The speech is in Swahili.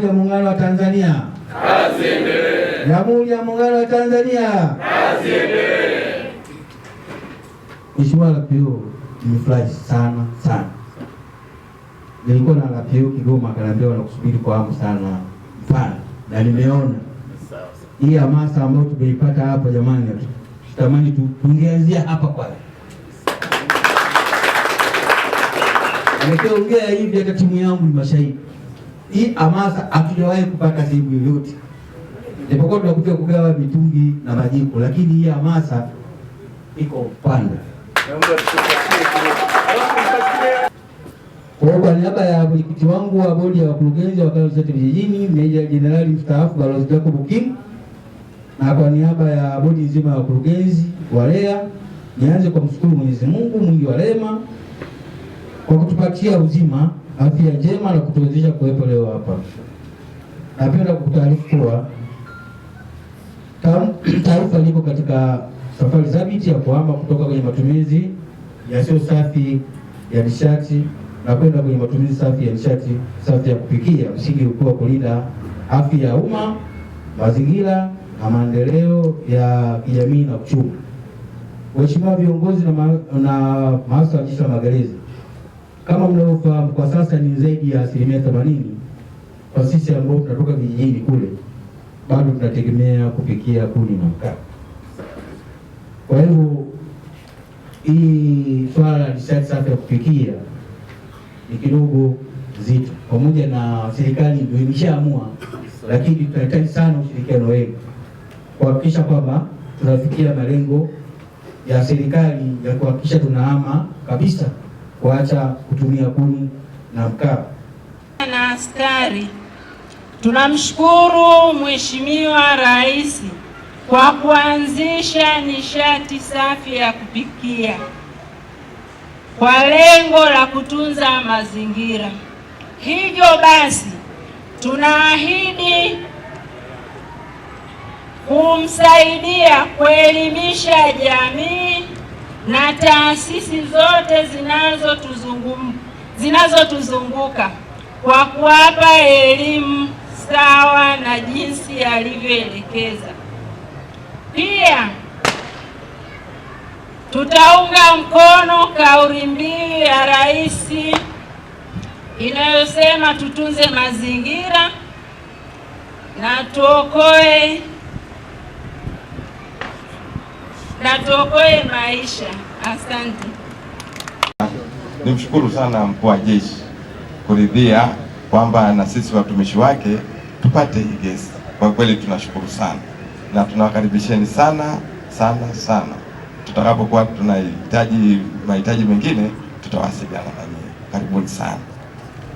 Jamhuri ya Muungano wa Tanzania. Kazi endelee. Jamhuri ya Muungano wa Tanzania. Kazi endelee. Mheshimiwa Lapio, nimefurahi sana sana. Nilikuwa na Lapio Kigoma, akaniambia wanakusubiri kwa hamu sana mfano, na nimeona hii hamasa ambayo tumeipata hapa. Jamani, tutamani tungeanzia hapa kwanza. Nikiongea hivi hata timu yangu ni mashahidi. Hii amasa hatujawahi kupata sehemu yoyote, japokuwa tunakuja kugawa mitungi na majiko, lakini hii hamasa iko Upanga. Kwa niaba ya mwenyekiti wangu wa bodi ya wakurugenzi wa kata zote vijijini, meja jenerali mstaafu Balozi Jacob King, na kwa niaba ya bodi nzima ya wakurugenzi wa REA, nianze kwa mshukuru Mwenyezi Mungu mwingi wa rehema kwa kutupatia uzima afya njema na kutuwezesha kuwepo leo hapa. Napenda kukutaarifu kuwa taifa liko katika safari thabiti ya kuhama kutoka kwenye matumizi yasiyo safi ya nishati na kwenda kwenye matumizi safi ya nishati safi ya kupikia, msingi ukiwa kulinda afya ya umma, mazingira na maendeleo ya kijamii na uchumi. Waheshimiwa viongozi na maafisa wa jeshi la magereza kama mnavyofahamu kwa sasa ni zaidi ya asilimia themanini kwa sisi ambao tunatoka vijijini kule, bado tunategemea kupikia kuni na mkaa. Kwa hivyo hii swala la nishati safi ya kupikia ni kidogo zito, pamoja na serikali ndio imeshaamua, lakini tunahitaji sana ushirikiano wenu kuhakikisha kwamba tunafikia malengo ya serikali ya kuhakikisha tunahama kabisa kuacha kutumia kuni na mkaa na askari. Tunamshukuru Mheshimiwa Rais kwa kuanzisha nishati safi ya kupikia kwa lengo la kutunza mazingira. Hivyo basi tunaahidi kumsaidia kuelimisha jamii na taasisi zote zinazotuzunguka zinazotuzunguka kwa kuwapa elimu sawa na jinsi alivyoelekeza. Pia tutaunga mkono kauli mbiu ya Rais inayosema tutunze mazingira na tuokoe na tuokoe maisha. Asante. Nimshukuru sana mkuu wa jeshi kuridhia kwamba na sisi watumishi wake tupate hii gesi. Kwa kweli tunashukuru sana na tunawakaribisheni sana sana sana. Tutakapokuwa tunahitaji mahitaji mengine, tutawasiliana na nyinyi. Karibuni sana.